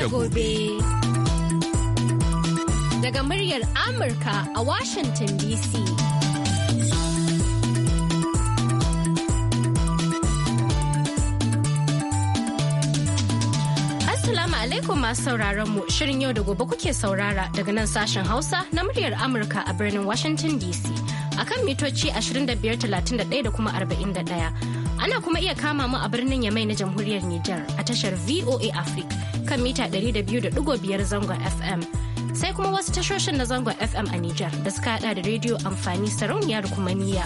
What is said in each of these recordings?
da gobe. Daga muryar Amurka a Washington DC. Assalamu alaikum masu sauraron mu shirin yau da gobe kuke saurara daga nan sashen Hausa na muryar Amurka a birnin Washington DC. akan mitoci 2531 da kuma 41. Ana kuma iya kama mu a birnin Yamai na jamhuriyar Nijar a tashar VOA Africa kan mita 200.5 zangon FM. Sai kuma wasu tashoshin na zangon FM a Nijar da suka hada da rediyo amfani sarauniya da kuma niyya.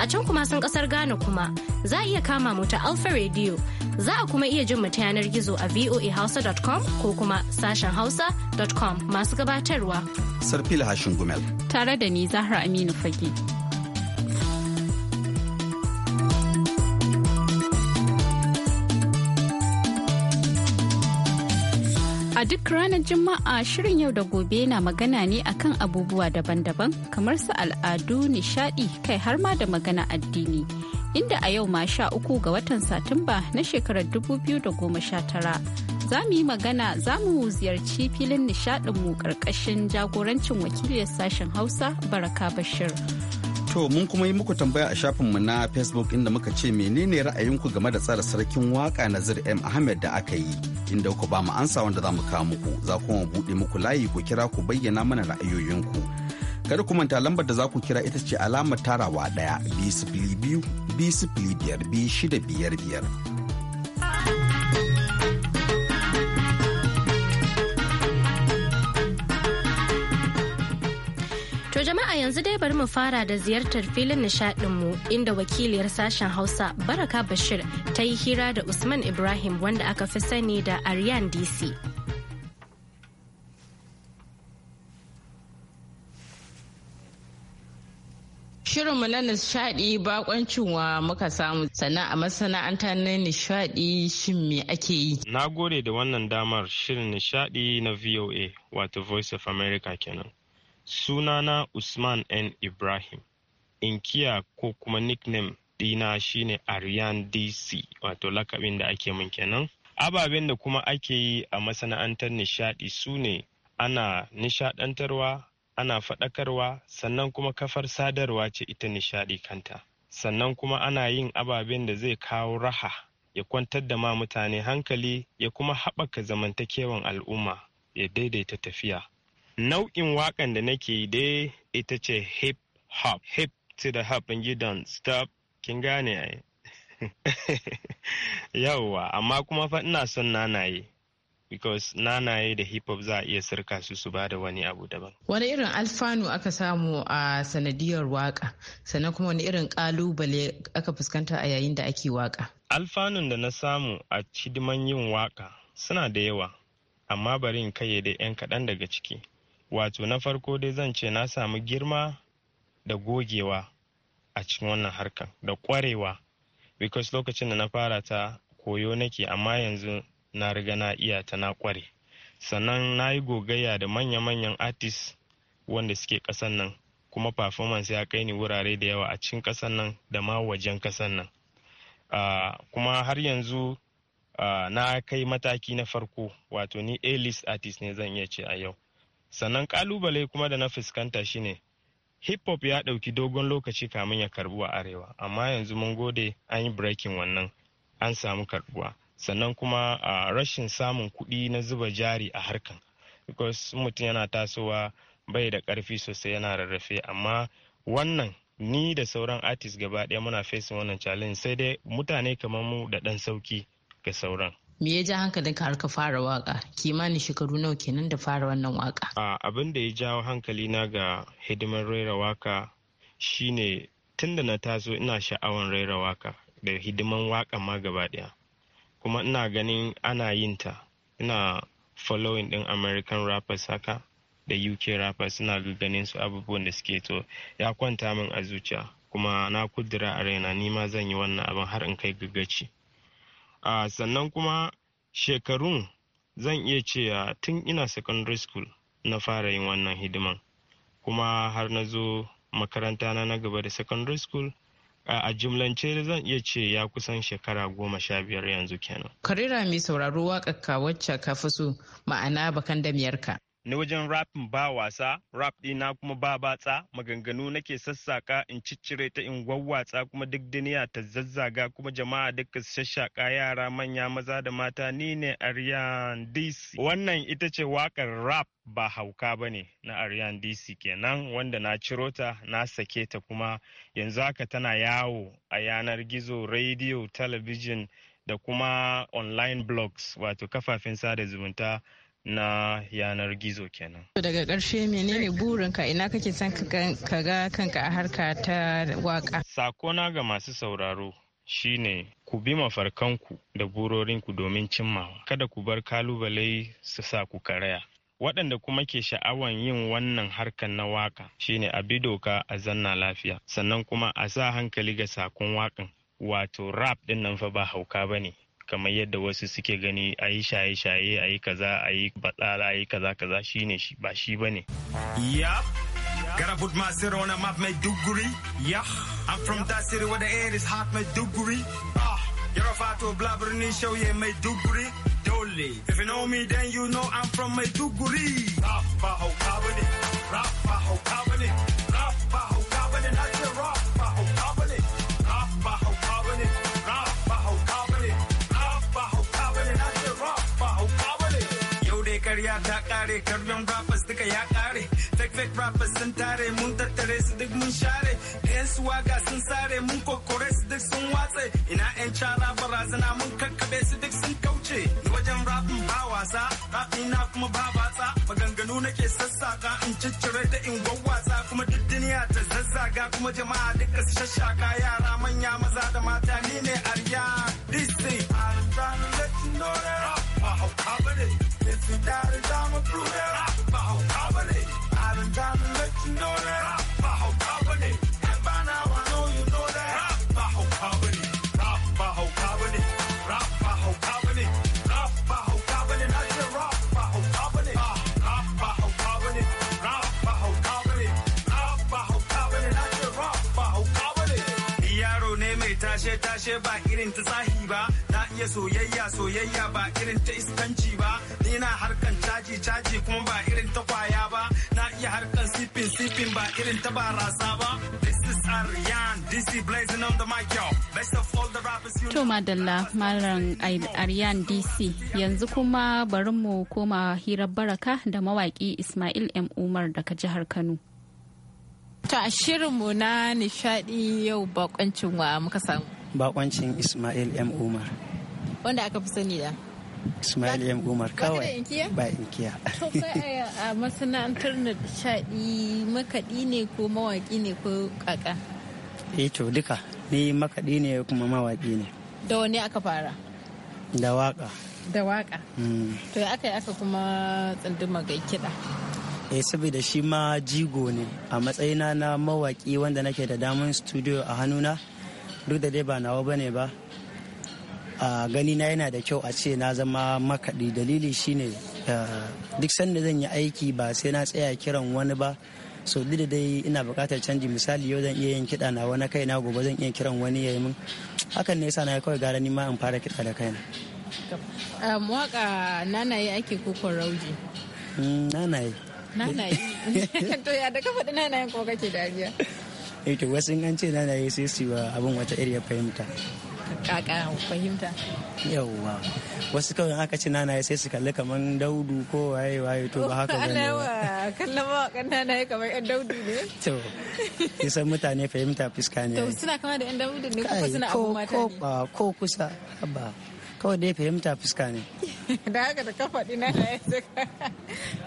A can kuma sun kasar Ghana kuma za a iya kama mu ta Alpha Radio. Za a kuma iya jin mu ta yanar gizo a voahausa.com ko kuma sashen hausa.com masu gabatarwa. Sarfila Hashin Gumel. Tare da ni Zahra Aminu Fage. A duk ranar Juma'a shirin yau da gobe na magana ne akan abubuwa daban-daban kamar su al'adu, nishadi, kai har ma da magana addini. Inda a yau ma sha uku ga watan Satumba na shekarar dubu biyu da goma sha tara, za mu yi magana za mu ziyarci filin nishadinmu karkashin jagorancin wakiliyar sashen Hausa Baraka Bashir. To mun kuma yi muku tambaya a shafinmu na Facebook inda muka ce menene ra'ayinku game da tsara sarkin waka Nazir M Ahmed da aka yi inda ku ba mu ansa wanda za mu kawo muku za kuma buɗe muku layi ku kira ku bayyana mana ra'ayoyinku. Kada ku manta lambar da za ku kira ita ce alamar tarawa ɗaya biyu sifili biyu biyu biyar biyar biyar. yanzu dai bari mu fara da ziyartar filin nishadinmu inda wakiliyar sashen Hausa Baraka Bashir ta yi hira da Usman Ibrahim wanda aka fi sani da Aryan DC. Shirinmu na nishaɗi bakoncin muka samu sannan a masana'anta na nishadi shin me ake yi? Na gode da wannan damar shirin nishadi na VOA wato Voice of America kenan. Sunana Usman N. Ibrahim. Inkiya ko kuma nickname dina shine Aryan DC, wato lakabin da ake min kenan. Ababen da kuma ake yi a masana'antar nishadi su ne ana nishadantarwa, ana fadakarwa sannan kuma kafar sadarwa ce ita nishadi kanta. Sannan kuma ana yin ababen da zai kawo raha, ya kwantar da ma mutane hankali, ya kuma haɓaka zamantakewan al'umma, ya daidaita tafiya. Nau'in wakan da nake dai ita ce hip hop, hip to the hop and you don't stop, kin gane ai. Yawwa, amma kuma fa ina son nanaye. because nanaye da hip hop za a iya sirka su su ba da wani abu daban. Wani irin alfanu aka samu a sanadiyar waka sannan kuma wani irin kalubale aka fuskanta a yayin da ake waka. Alfanun da na samu a hidiman yin waka suna da yawa amma bari in kayyade 'yan kaɗan daga ciki. wato na farko dai zan ce na samu girma da gogewa a cikin wannan harkan da kwarewa because lokacin da na fara ta koyo nake amma yanzu na riga na iya ta na kware sannan na yi gogayya da manya-manyan artist wanda suke kasan nan kuma performance ya kai ni wurare da yawa a cikin kasan nan da ma wajen kasan nan uh, kuma har yanzu uh, na kai mataki na farko wato ni a-list artist ne zan iya ce a yau sannan kalubale kuma da na fuskanta shine hip hop ya ɗauki dogon lokaci kamin ya karbu a arewa amma yanzu mun gode an yi breaking wannan an samu karbuwa sannan kuma a rashin samun kuɗi na zuba jari a harkan because mutum yana tasowa bai da ƙarfi sosai yana rarrafe amma wannan ni da sauran artist gaba ɗaya muna fesin wannan challenge sai dai mutane kamar mu da ɗan sauki ga sauran me ya ja hankalinka har ka fara waka kimanin shekaru nawa kenan da fara wannan waka abin da ya jawo hankali na ga hidimar rera waka shine tun da na taso ina sha'awan rera waka da hidiman waka ma gaba daya kuma ina ganin ana yin ta ina following din american rappers haka da uk rappers suna ganin su abubuwan da suke to ya kwanta min a zuciya kuma na kudura a raina ni ma zan yi wannan abin har in kai gaggaci a sannan kuma shekarun zan iya ce tun ina secondary school na fara yin wannan hidiman kuma har na zo makaranta na gaba da secondary school a jimlance zan iya ce ya kusan shekara goma sha biyar yanzu kenan. Karira mai sauraro waƙarka wacce ka fi so ma'ana bakan damiyarka. na wajen rafin ba wasa rap ɗina kuma ba batsa maganganu nake sassaƙa in ciccire ta in wawwatsa kuma duk duniya ta zazzaga kuma jama'a duka shashaka yara manya maza da mata ni ne aryan dc wannan ita ce waƙar rap ba hauka ba ne na aryan dc kenan wanda na ciro ta na sake ta kuma yanzu haka tana yawo a yanar gizo rediyo talabijin da kuma online blogs wato kafafen sada zumunta na yanar gizo kenan. Daga ƙarshe menene burinka ina kake son ka ga kanka a harka ta waka? Sakona ga masu sauraro shine ku bi mafarkanku da burorinku domin cimmawa. Kada ku bar kalubale su sa ku karaya. waɗanda kuma ke sha'awan yin wannan harkan na waka shine a bi doka a zanna lafiya sannan kuma a sa hankali ga sakon waƙan wato rap ɗin nan fa ba hauka bane. kamar yadda wasu suke gani a yi shaye-shaye a yi kaza a yi batsala a yi kaza-kaza shine shi ba shi ba ne. Yap, Garabut Masiro na map Maiduguri. Yah, I'm from that city where the air is hot Maiduguri. Ah, Yarofato Blabrini shauye ye Maiduguri. Dole, if you know me then you know I'm from Maiduguri. Rafa Hokabani, Rafa Hokabani. karya ta kare karbin rappers duka ya kare fake fake rappers sun tare mun tattare su duk mun share yan suwaga sun sare mun kokore su duk sun watse ina yan shara barazana mun kakkabe su duk sun kauce wajen rapin ba wasa rapin na kuma ba batsa maganganu nake sassaka in ciccire da in wasa kuma duk duniya ta zazzaga kuma jama'a duka su shashaka yara manya maza da mata ni ne arya this thing to let you know that cover it without a diamond through that. Rock my whole company. I've been trying to let you know that. Rock my whole company. And by now I know you know that. Rock my whole company. Rock my whole company. Rock my whole company. Rock my whole company. I said rock my whole company. Rock my whole company. Rock my whole company. Rock my whole company. I said rock my whole company. Yaro ne mai tashe tashe ba irin ta sahi ba. iya soyayya soyayya ba irin ta iskanci ba ni na harkan caji caji kuma ba irin ta kwaya ba na iya harkan sipin sipin ba irin ta barasa ba this is Aryan blazing on the mic yo best of all the rappers you to madalla malam Aryan DC yanzu kuma bari mu koma hirar baraka da mawaki Ismail M Umar daga jihar Kano ta shirinmu na nishadi yau bakoncin wa muka samu bakoncin Ismail M Umar wanda aka fi sani da Ismail M. Umar kawai ba inkiya. kiya. a masana'antar na shaɗi makaɗi ne ko mawaƙi ne ko kaka? Eh to duka ni makaɗi ne kuma mawaƙi ne. Da wani aka fara? Da waƙa. Da waƙa. Mm. To ya aka yi aka kuma tsunduma ga kiɗa. Eh saboda shi ma jigo ne a matsayina na mawaƙi wanda nake da damar studio a hannuna duk da dai ba nawa bane ba a gani na yana da kyau a ce na zama makaɗi dalili shine duk sanda zan yi aiki ba sai na tsaya kiran wani ba so da dai ina buƙatar canji misali yau zan iya yin kiɗa na wani kaina gobe zan iya kiran wani ya yi min hakan ne yasa na kawai gara ni ma in fara kiɗa da kaina waka yi ake koko rauji hmm, nana yi? to ya da ka nana nanayen ko kake dariya eh wasu in an ce na yi sai su wa abin wata iri ya fahimta kaka fahimta yawwa wasu kawai aka ce na yi sai su kalli kamar daudu ko waye waye to ba haka bane ba kallon mawakan na yi kamar yan daudu ne to nisan mutane fahimta fuska ne to suna kama da yan daudu ne ko suna abu mata ne ko kusa ba kawai dai fahimta fuska ne da haka da kafa dina na yanzu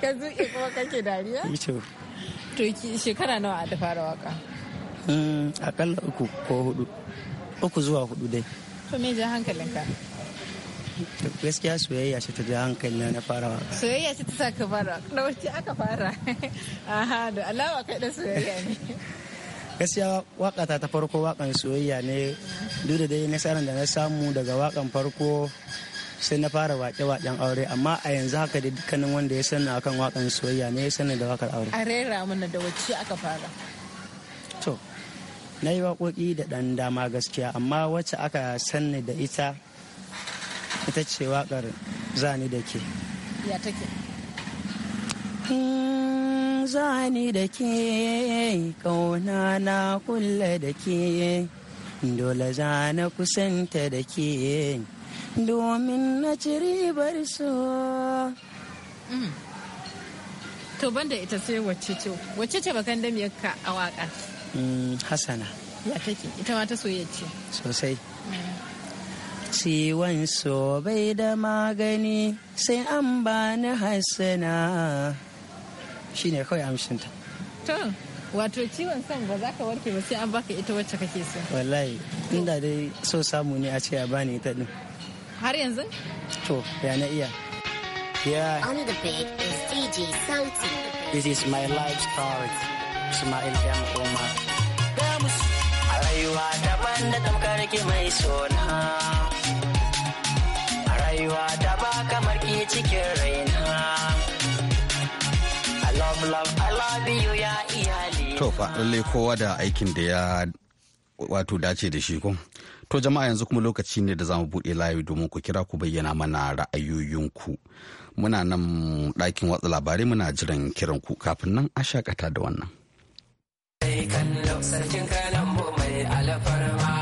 ka zuke kuma kake dariya eh to shekara nawa a da fara waka Eh, akalla uku ko hudu uku zuwa hudu dai to me ja hankalinka gaskiya soyayya ce ta ja hankali na fara waka soyayya ce ta saka ka fara da wacce aka fara aha da alawa kai da soyayya ne gaskiya waka ta ta farko wakan soyayya ne duk da dai nasarar da na samu daga wakan farko sai na fara wake-waken aure amma a yanzu haka da dukkanin wanda ya sani akan wakan soyayya ne ya sani da wakar aure a rera mana da wacce aka fara to na yi waƙoƙi da ɗan dama gaskiya amma wacce aka sanni da ita ita ce waƙar zani da ke ya take mm, zani da ke kauna na kulle da ke dole zana kusanta da ke domin na ci ribar so mm. to banda ita sai wacce ce wacce ce bakan ka a waƙa. Mm, Hassana. Ya take ita ma ta soyayya Sosai. Mm. Ciwon so bai da magani sai an bani Hassana. Shi ne kawai amshinta. To, wato ciwon son ba za ka warke ba sai an baka ita wacce kake so. Wallahi, inda dai so samu ne a ce a bani ita din. Har yanzu? To, ya na iya. Yeah. On the bed is DJ Santi. This is my life story. Ismail ya Umar. a rayuwa daban da tamkar ki mai sona. A rayuwa da ba kamar ki cikin raina. I love love I love you ya iyali. To fa lalle kowa da aikin da ya wato dace da shi ko. To jama'a yanzu kuma lokaci ne da za mu buɗe layi domin ku kira ku bayyana mana ra'ayoyinku. Muna nan ɗakin watsa labarai muna jiran kiran ku kafin nan a shakata da wannan. kan kan sarkin kanan mai alfarma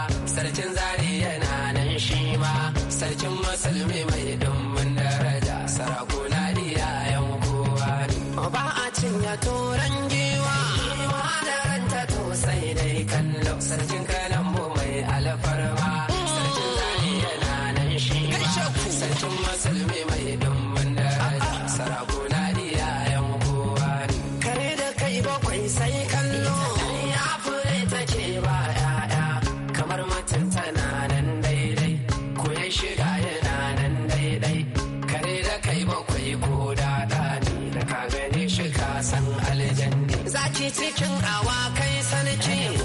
sarki cikin awakai sarki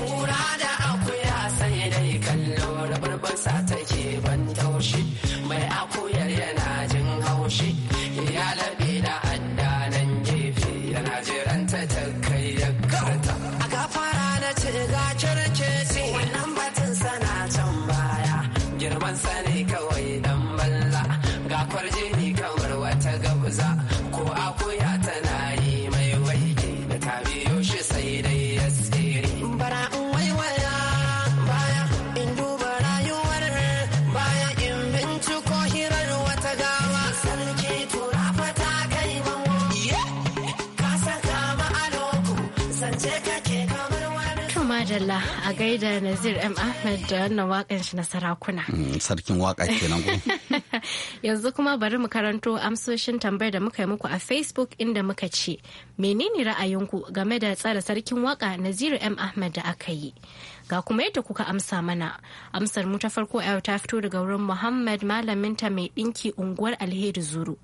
da Nazir M. Ahmed da wannan wakan shi na sarakuna. Hmm, sarkin waka kenan ko. Yanzu kuma bari mu karanto amsoshin tambayar da muka yi muku a Facebook inda muka ce, menene ra'ayinku game da tsara sarkin waka Nazir M. Ahmed da aka yi? Ga kuma yadda kuka amsa mana. Amsar mu ta farko a yau ta fito daga wurin Muhammad malaminta mai ɗinki unguwar Alheri Zuru,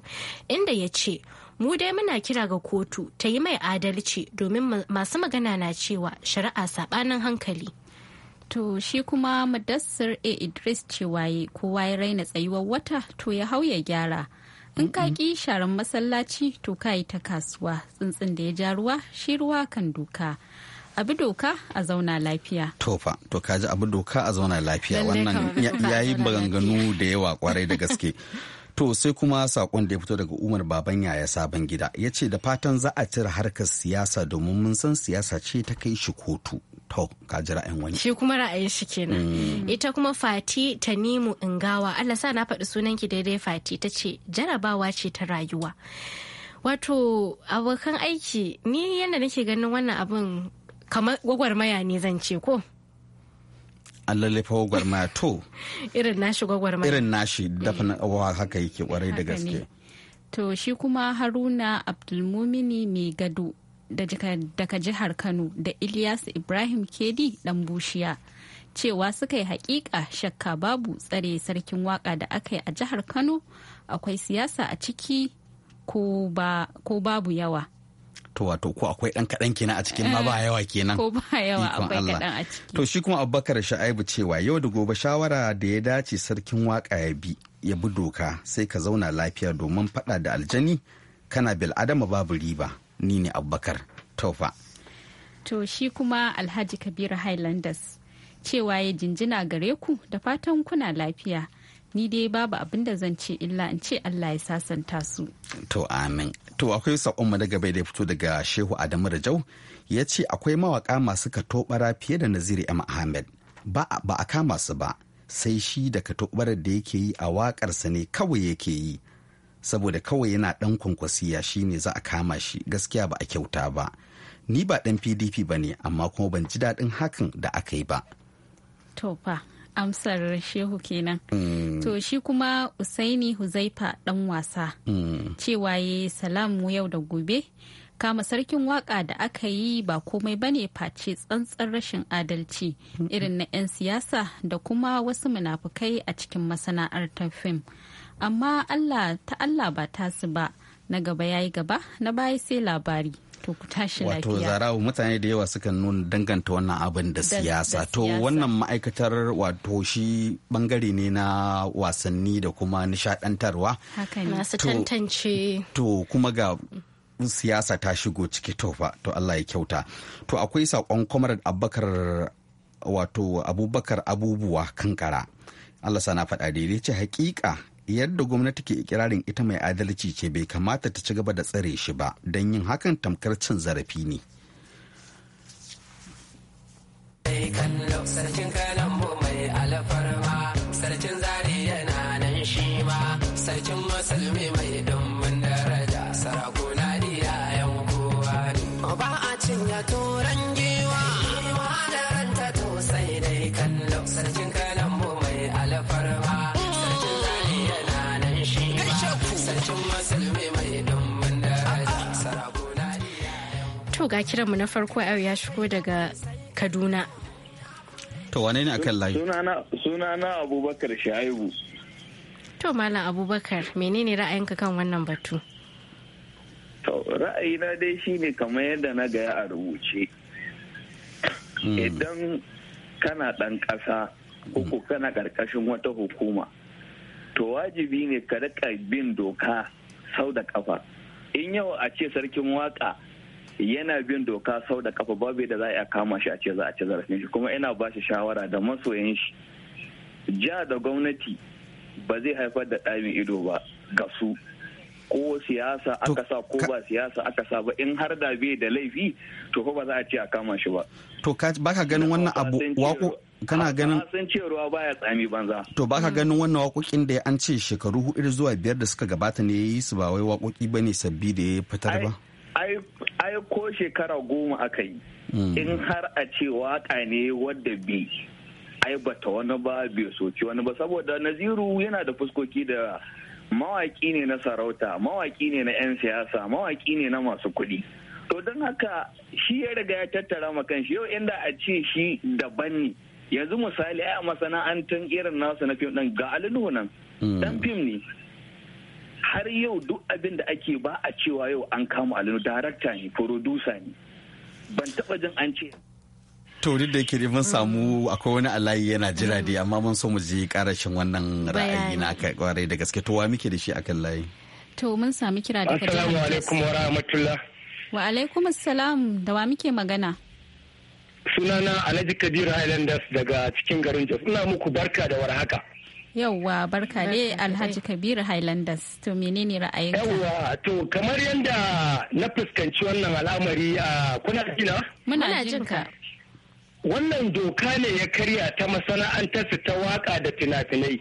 inda ya ce, mu dai muna kira ga kotu ta yi mai adalci domin masu magana na cewa shari'a saɓanin hankali. To shi kuma madassar A. Idris cewa kowa ya raina tsayuwar wata to ya hau ya gyara. In ka ki sharan masallaci to ka yi ta kasuwa tsuntsun da ya ja ruwa shi ruwa kan duka. Abi doka a zauna lafiya. to fa to ka ji abi doka a zauna lafiya wannan yayi maganganu da yawa kwarai da gaske. To sai kuma sakon da ya fito daga Umar Baban Yaya Sabon Gida ya ce da fatan za a cire harkar siyasa domin mun san siyasa ce ta kai shi kotu. to ka jira ra'ayin wani shi kuma ra'ayin shi kenan mm. ita kuma fati tanimu ingawa Allah sa na faɗi sunan ki daidai fati ta ce jarabawa ce ta rayuwa wato abokan aiki ni yadda nake ganin wannan abin kamar gwagwarmaya ne zan ce ko an lallafa gwagwarmaya to irin nashi gwagwarmaya irin nashi eh. dafin abubuwa haka yake kwarai da gaske to shi kuma haruna abdulmumini mai gado daga jihar Kano da ilyas Ibrahim Kedi dan Bushiya. Cewa suka yi hakika shakka babu tsare sarkin waka da aka yi a jihar Kano akwai siyasa a ciki ko babu yawa. to wato ko akwai dan kaɗan kenan a cikin ma ba eh, yawa kenan ko ba yawa akwai kaɗan a ciki to shi kuma abubakar sha'aibu cewa yau da gobe shawara da ya dace sarkin waka ya bi ya bi doka sai ka zauna lafiya domin faɗa da aljani kana bil adama babu riba ni ne abubakar taufa to shi kuma alhaji kabiru highlanders cewa ya jinjina gare ku da fatan kuna lafiya ni dai babu abin da zan ce illa in ce Allah ya sasanta su. To amin. To akwai mu daga bai da fito daga Shehu Adamu da Jau ya ce akwai mawaka masu katobara fiye da Naziri M. Ahmed ba a kama su ba sai shi da katobarar da yake yi a wakarsa ne kawai yake yi saboda kawai yana ɗan kwankwasiya shine za a kama shi gaskiya ba a kyauta ba ni ba dan pdp ba ne amma kuma ban ji daɗin hakan da aka yi ba to fa amsar shehu kenan mm. to shi kuma usaini huzaifa dan wasa mm. cewa ya yi salamu yau da gobe kama sarkin waka da aka yi ba komai ba bane face tsantsar rashin adalci irin na 'yan siyasa da kuma wasu munafukai a cikin masana'artar fim. amma Allah ta Allah ba ta su ba na gaba yayi gaba na baya sai labari to ku tashi lafiya wato zarawo mutane da yawa sukan nuna danganta wannan abin da siyasa to wannan ma'aikatar wato shi bangare ne na wasanni da kuma nishadantarwa haka ne su tantance to kuma ga siyasa ta shigo ciki to fa to Allah ya kyauta to akwai sakon comrade Abubakar wato Abubakar abubuwa kankara Allah sana faɗa daidai ce hakika yadda gwamnati ke ikirarin ita mai adalci ce bai kamata ta ci gaba da tsare shi ba don yin hakan tamkar cin zarafi ne. To ga kiranmu na farko a ya shigo daga Kaduna. To wane ne akan layi? Sunana Abubakar Shaibu. To Malam Abubakar menene ra'ayinka kan wannan batu? To ra'ayina dai shine kamar yadda na gaya a rubuce. Hmm. Idan kana ɗan ƙasa, ko hmm. kana ƙarƙashin wata hukuma. to wajibi ne ka rika bin doka sau da kafa in yau a ce sarkin waka yana bin doka sau da kafa babu da za a kama shi a ce za a ci zarafin shi kuma ina ba shi shawara da masoyin shi ja da gwamnati ba zai haifar da ɗamin ido ba ga su ko siyasa aka sa ko ba siyasa aka sa ba in har da bai da laifi to fa ba za a ce a kama shi ba to baka ganin wannan abu kana ganin san ce ruwa baya tsami banza to baka mm. ganin wannan wakokin da an ce shekaru hudu zuwa biyar da suka gabata ne yayi su ba wai wakoki bane sabbi da ya fitar ba ai ko shekara goma aka yi mm. in har a ce waƙa ne wadda bi ai bata wani ba bai soki wani ba saboda naziru yana da fuskoki da mawaki ne na sarauta mawaki ne na 'yan siyasa mawaki ne na masu kuɗi to don haka shi ya riga ya tattara ma kan shi yau inda a ce shi daban ne yanzu misali a masana'antar irin nasu na fim din ga alinuhu nan dan hmm. fim ne har yau duk abin da ake ba a cewa yau an kama alinu darakta ne producer ne ban taba jin an ce to duk da yake mun samu akwai wani alayi yana jira dai amma mun so mu je karashin wannan ra'ayi na aka kware da gaske to wa muke da shi akan layi to mun sami kira da assalamu alaikum wa rahmatullah wa alaikum assalam da wa muke magana sunana alhaji kabiru highlanders daga cikin garin jos ina muku barka da warhaka yauwa barka ne alhaji kabiru highlanders to menene ra'ayin yauwa to kamar yadda na fuskanci wannan al'amari a kuna jina muna jinka wannan doka ne ya karya ta masana'antar su ta waka da fina-finai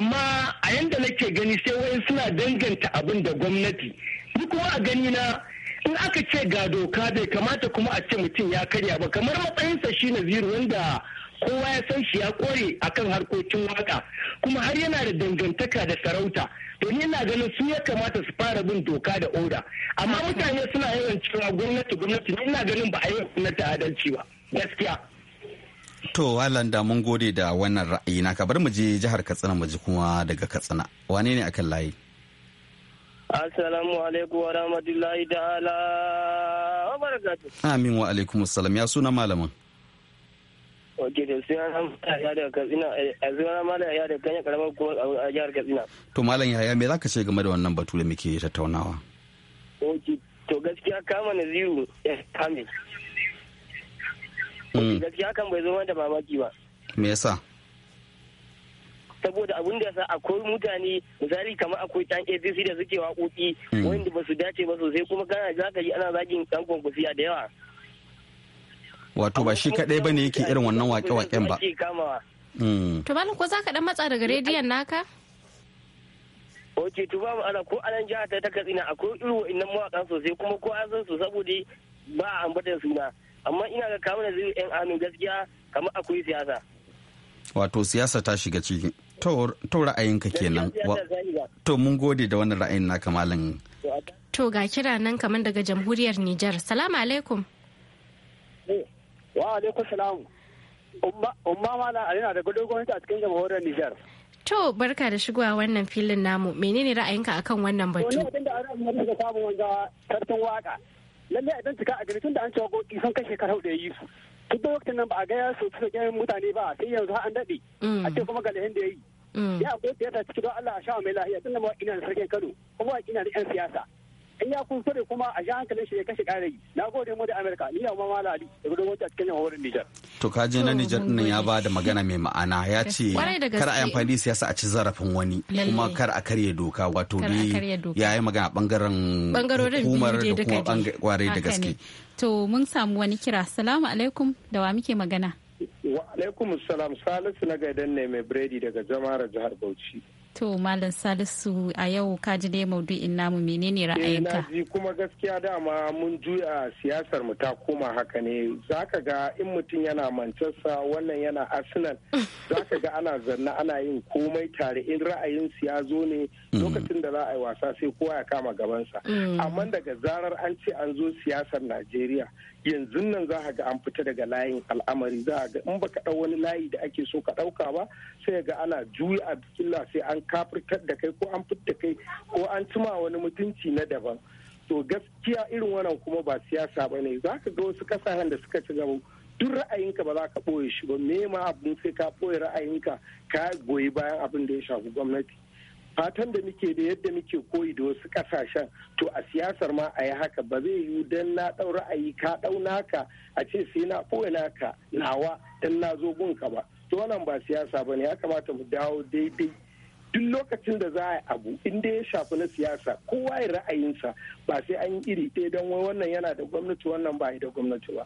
amma a yadda nake gani sai wai suna danganta abin da gwamnati ni kuma a gani na in aka ce ga doka bai kamata kuma a ce mutum ya karya ba kamar matsayinsa shi na naziru wanda kowa ya san shi ya kore akan harkokin waka kuma har yana da dangantaka da sarauta domin ina ganin su ya kamata su fara bin doka da oda amma mutane suna yawan cewa gwamnati gwamnati ina ganin ba a yi gwamnati adalci ba gaskiya To Alanda mun gode da wannan ra'ayi naka bari mu je jihar Katsina mu ji kuma daga Katsina wane ne akan layi? Assalamu alaikum wa rahmatullahi ta'ala wa barakatuh. Amin wa alaikum assalam ya suna malamin. Oke da suna ya daga Katsina eh, a suna malam ya daga kanya karamar kuma a jihar Katsina. To malam yaya me zaka ce game da wannan batu da muke tattaunawa? Oke to gaskiya kama na ziru ya kame. Mm. Gaskiya kan bai zo da mamaki ba. Me yasa? saboda abin da sa akwai mutane misali kamar akwai ɗan abc da suke waƙoƙi hmm. wanda ba su dace ba sosai kuma kana za ji ana zagin ɗan kwankwasiya da yawa wato ba shi kaɗai ba ne yake irin wannan waƙe-waƙen ba hmm. to malam ko za ka ɗan matsa daga rediyon naka ok to ba mu ana ko anan jiha ta ta katsina akwai irin wa'annan mawaƙan sosai kuma ko an san su saboda ba a ambatan suna amma ina ga kamar da zai yan amin gaskiya kamar akwai siyasa wato siyasa ta shiga ciki to ra'ayinka kenan to mun gode da wannan ra'ayin na kamalin to ga kira nan kamar daga jamhuriyar Nijar salamu alaikum eh, wa alaikum salam umma mala alina da gudogon a cikin jamhuriyar Nijar to barka da shigowa wannan filin namu menene ra'ayinka akan wannan batu wannan da ra'ayin mun da samu wanda tartin waka lalle idan cika a gari tun da an ci waƙoƙi sun kashe karau da yi su duk da wakilin nan ba a gaya su suka soke mutane ba sai yanzu ha an daɗe mm. a ce kuma ga da ya yi mm. ya ko siyasa ciki don Allah a sha mai lahiya tun da mawaƙi da sarkin Kano kuma mawaƙi da 'yan siyasa in ya sore kuma a sha hankalin shi ya kashe yi na gode mu da Amurka ni ya mama Ali da gudun wata cikin wurin Nijar. To ka je na Nijar din ya ba da magana mai ma'ana ya ce kar a amfani siyasa a ci zarafin wani kuma kar a karya doka wato ne ya yi magana bangaren hukumar da kuma kware da gaske. To mun samu wani kira. Salamu alaikum da wa muke magana. Wa alaikum salam Salisu na gaidan ne mai biredi daga jama'ar jihar Bauchi. To Malam Salisu a yau kaji ji dai maudu'in namu menene eh, ra'ayinka? Eh kuma gaskiya dama mun juya siyasar mu ta koma haka ne. Zaka ga in mutum yana Manchester wannan yana Arsenal zaka ga ana zanna ana yin komai tare in ra'ayin ya zo ne mm. lokacin da za a yi wasa sai kowa ya kama gabansa. Mm. Amma daga zarar an ce an zo siyasar Najeriya yanzu nan za ga an fita daga layin al'amari za ga in baka ɗau wani layi da ake so ka ɗauka ba sai ga ana juya a killa sai an kafirtar da kai ko an fitta kai ko an cima wani mutunci na daban to gaskiya irin wannan kuma ba siyasa ba ne za ka ga wasu kasashen da suka ci gaba duk ra'ayinka ba za ka ɓoye shi ba me ma abin sai ka ɓoye ra'ayinka ka goyi bayan abin da ya shafi gwamnati fatan da muke da yadda muke koyi da wasu kasashen to a siyasar ma a yi haka ba zai yiwu don na ɗau ra'ayi ka ɗau naka a ce sai na ɓoye naka nawa don na zo gunka ba to wannan ba siyasa ba ne ya kamata mu dawo daidai duk lokacin da za a yi abu inda ya shafi na siyasa kowa ya ra'ayinsa ba sai an yi iri ɗaya don wannan yana da gwamnati wannan ba da gwamnati ba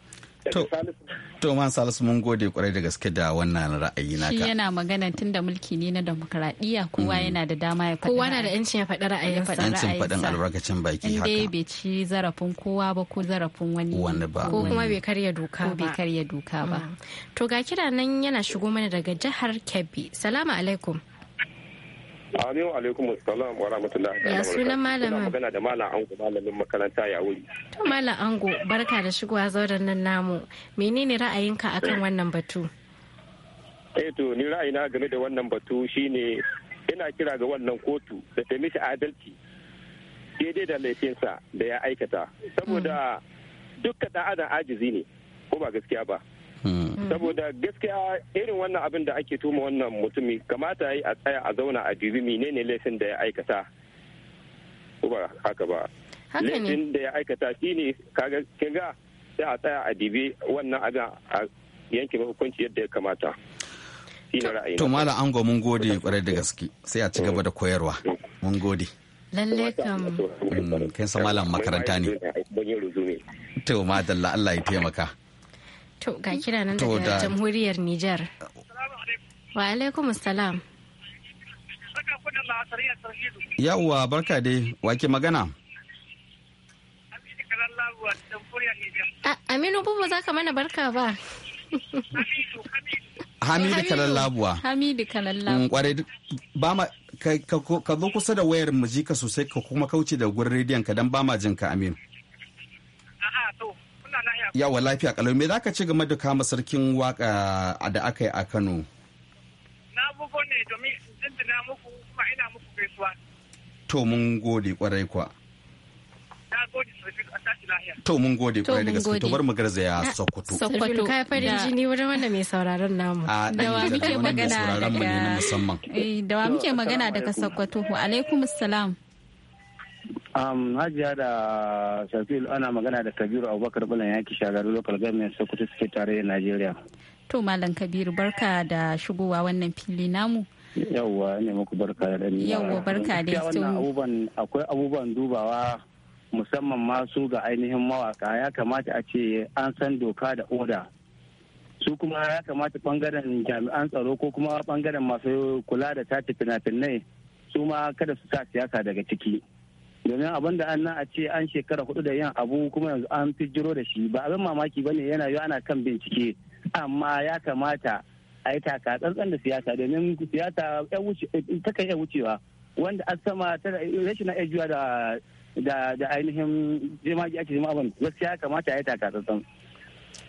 to man salisu mun gode kwarai da gaske da wannan ra'ayi naka shi yana magana tun da mulki ne na demokradiyya kowa mm. yana da dama ya faɗa kowa na da yancin ya faɗi ra'ayinsa yancin faɗin albarkacin baki haka inda bai ci zarafin kowa ba ko zarafin wani wani ba ko kuma mm. bai karya doka ba ko bai karya doka ba mm. to ga kira nan yana shigo mana daga jihar Kebbi salamu alaikum Amin alaikum salam wa rahmatullahi Ya sunan malama. magana da malam Ango malamin makaranta ya wuri. To malam Ango barka da shigowa zauren nan namu. Menene ra'ayinka akan wannan batu? Eh to ni ra'ayina game da wannan batu shine ina kira ga wannan kotu da ta mishi adalci daidai da laifinsa da ya aikata saboda hmm. dukkan ɗan adam ajizi ne ko ba gaskiya ba. Mm. saboda gaskiya irin wannan abin da ake tuma wannan mutumi kamata yi a tsaya a zauna a dubi menene laifin da ya aikata ba haka ba laifin da ya aikata shi ne kaga kinga sai a tsaya a dubi wannan abin a yanke hukunci yadda ya kamata to malam an mun gode kwarai da gaske sai a ci gaba da mm. koyarwa mun gode lalle kam mm, kai sa malam makaranta ne to madalla Allah ya taimaka To ga kira nan daga jamhuriyar Nijar. Wa alaikum salam. Yawwa barka dai wake magana. Aminu Bubu za ka mana barka ba. Hamidu kanan labuwa. Hamidu kanan labuwa. Kwarai ba ma ka zo kusa da wayar mu jika sosai ka kuma kauce da gurin rediyon ka dan ba ma jin ka Aminu. A'a to yawa lafiya kalau me zaka ci game da kama sarkin waka da aka yi a Kano na bugo ne domin jinjina muku kuma ina muku gaisuwa to mun gode kwarai kwa To mun gode kwarai da gaske to bar mu garzaya Sokoto. Sokoto kai farin jini wurin wanda mai sauraron namu. Da wa muke magana daga eh, Da wa muke magana daga Sokoto. Wa alaikum salam. Um, hajiya da Shafi'ul ana magana da Kabiru Abubakar Bulan yaki shagaru local government Sokoto suke tare da Najeriya. To Malam Kabiru barka da shigowa wannan fili namu. Yawwa ne muku barka da ni. Yawwa barka da abubuwan akwai abubuwan dubawa musamman masu ga ainihin mawaka ya kamata a ce an san doka da oda. su kuma ya kamata bangaren jami'an tsaro ko kuma bangaren masu kula da tace fina-finai su ma kada su sa siyasa daga ciki domin abin da an na a ce an shekara hudu da yin abu kuma yanzu an jiro da shi ba abin mamaki ba ne yana yi ana kan bincike amma ya kamata a yi taka tsantsan da siyasa domin siyasa takan iya wucewa wanda an sama rashin na iya da da ainihin jimaji ake jima abin gaskiya ya kamata a yi taka tsantsan.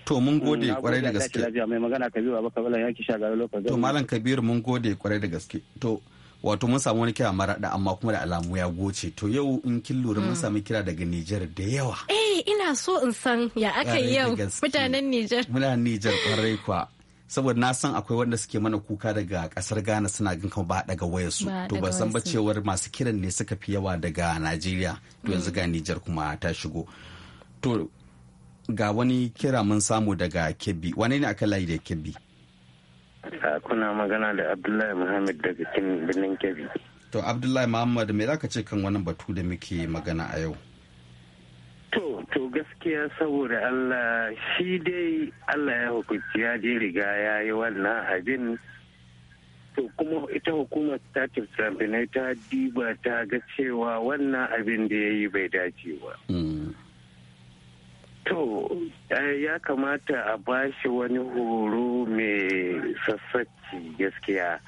To mun mm, gode kwarai da gaske. Mai magana Kabiru Abubakar Bala ya ki shagarar lokacin. To Malam Kabiru mun gode kwarai da gaske. To wato mun samu wani kira maraɗa amma kuma da alamu ya goce to yau in kin lura mun mm. samu kira daga Nijar da yawa eh ina so in san ya aka yi yau mutanen Nijar mutanen Nijar kwarai kwa saboda na san akwai wanda suke mana kuka daga kasar Ghana suna gan kan ba daga wayarsu to ba san ba cewar masu kiran ne suka fi yawa daga Najeriya to yanzu mm. ga Nijar kuma ta shigo to ga wani kira mun samu daga Kebbi wane ne aka layi da Kebbi kuna magana da abdullahi muhammad daga cikin birnin kebbi to abdullahi muhammad me za ka ce kan wannan batu da muke magana a yau to to gaskiya saboda allah shi dai allah ya hukunci ya je riga ya yi wannan abin to kuma ita hukumar ta tafi ta diba ta ga cewa wannan abin da ya yi bai dace ba. Hmm. To, eh, ya kamata a bashi wani horo mai sassaci gaskiya.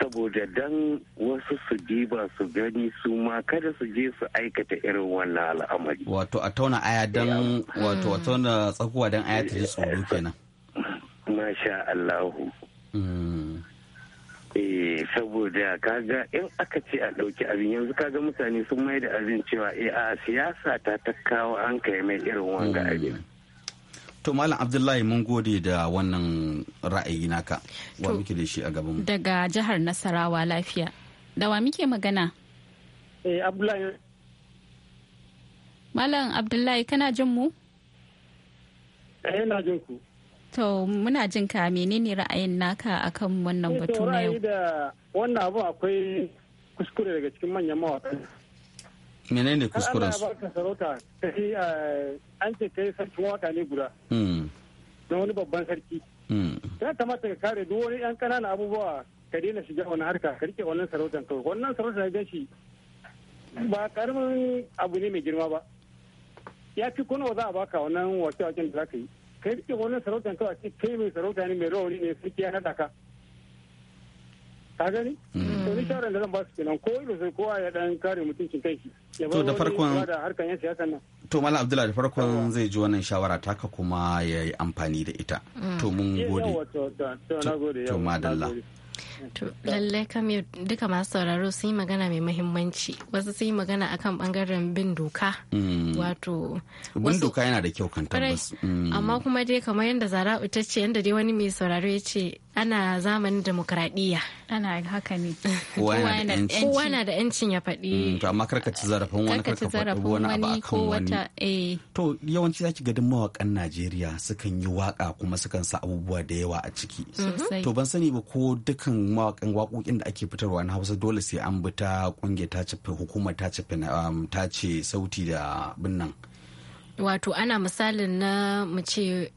Saboda dan wasu su diba su gani su ma kada su je su aikata irin wannan al'amari. Wato a tauna aya dan wato a tauna tsakuwa dan aya ta ji tsoro kenan. Masha Allahu. Hmm. Eh, saboda kaga in aka ce a ɗauki abin yanzu kaga mutane sun mai da abin cewa eh a siyasa ta ta kawo an kai mai irin wanga hmm. abin To Malam Abdullahi mun gode da wannan ra'ayi naka wa muke da shi a gaban mu. Daga jihar Nasarawa lafiya. Da wa muke magana? Eh Abdullahi. Malam Abdullahi kana jin mu? Eh na jin ku. To muna jin ka menene ra'ayin naka akan wannan eh, batu na yau? da wannan abu akwai kuskure daga cikin manyan mawaƙan. Menene kuskuren su? Allah sarauta kai eh, an ce kai sarkin waka ne guda. Hmm. Na wani babban sarki. Hmm. Ya kamata ka kare duk wani yan ƙananan abubuwa ka daina shiga wani harka ka rike wannan sarautar kawai wannan sarautar gan shi ba karamin abu ne mai girma ba. Ya fi kuna za a baka wannan wace-wacen da za ka yi. kai cikin wannan sarautar kawai ce kai mai sarauta ne mai rawani ne su ya naɗa ka ka gani hmm. to ni shawaran da zan ba su kenan ko da sai kowa ya dan kare mutuncin kai ya da farkon harkan yan siyasan nan to malam abdullahi da farkon zai ji wannan shawara taka kuma ya yi amfani da ita hmm. to mun eh, gode to madalla To lallai kam duka masu sauraro sun yi magana mai mahimmanci wasu sun yi magana akan bangaren bin doka. Mm. Wato. Bin doka yana da kyau kan tabbas. Mm. Amma kuma dai kamar yadda zara ta ce yadda dai wani mai sauraro ya ce ana zamanin demokradiyya. Ana haka ne. Kowa na da yancin ya faɗi. Mm, to amma karkaci zarafin wani karkaci zarafin wani kan wani. Eh. To yawanci zaki ga mawakan Najeriya sukan yi waka kuma sukan sa abubuwa da yawa a ciki. Mhm. To ban sani ba ko dukan mawakan waƙoƙin da ake fitarwa na hausa dole sai an bi ta ƙungiyar ta cefe hukumar ta cefe um, ta ce sauti da binnan wato ana misalin na mu ce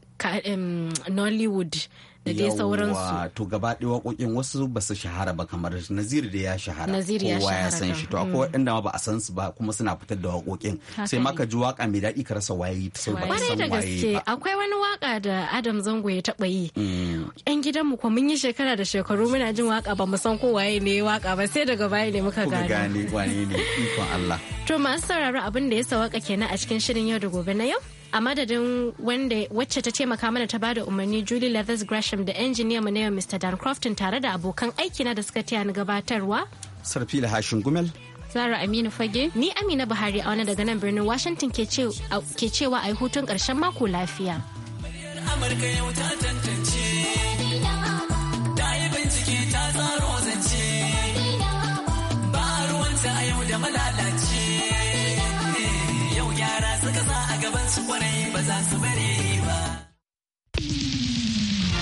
nollywood da dai sauransu to gaba ɗaya waƙoƙin wasu ba su shahara ba kamar naziri da ya shahara kowa ya san shi to akwai mm. waɗanda ba a san su ba kuma suna fitar da waƙoƙin sai ma ka ji waƙa mai daɗi ka rasa waye ta sau ba san waye ba akwai wani waka da Adam Zango ya taɓa yi yan mm. gidanmu ko mun yi shekara da shekaru muna jin waƙa ba mu san ko waye ne waƙa ba sai daga baya ne muka gane gane wane ne ikon Allah to masu sauraro abin da ya sa sawaka kenan a cikin shirin yau da gobe na yau a madadin wanda wacce ta taimaka mana ta bada umarni Julie Leathers Gresham da engineer mu na yau Mr. Dan Crofton tare da abokan aiki na da suka taya ni gabatarwa. Sarfila Hashin Gumel. Zara Aminu Fage. Ni Amina Buhari a wani daga nan birnin Washington ke cewa a yi hutun ƙarshen mako lafiya. Amurka yau ta tantance. Ta yi bincike ta tsaro zance. Ba ruwanta a yau da malalaci.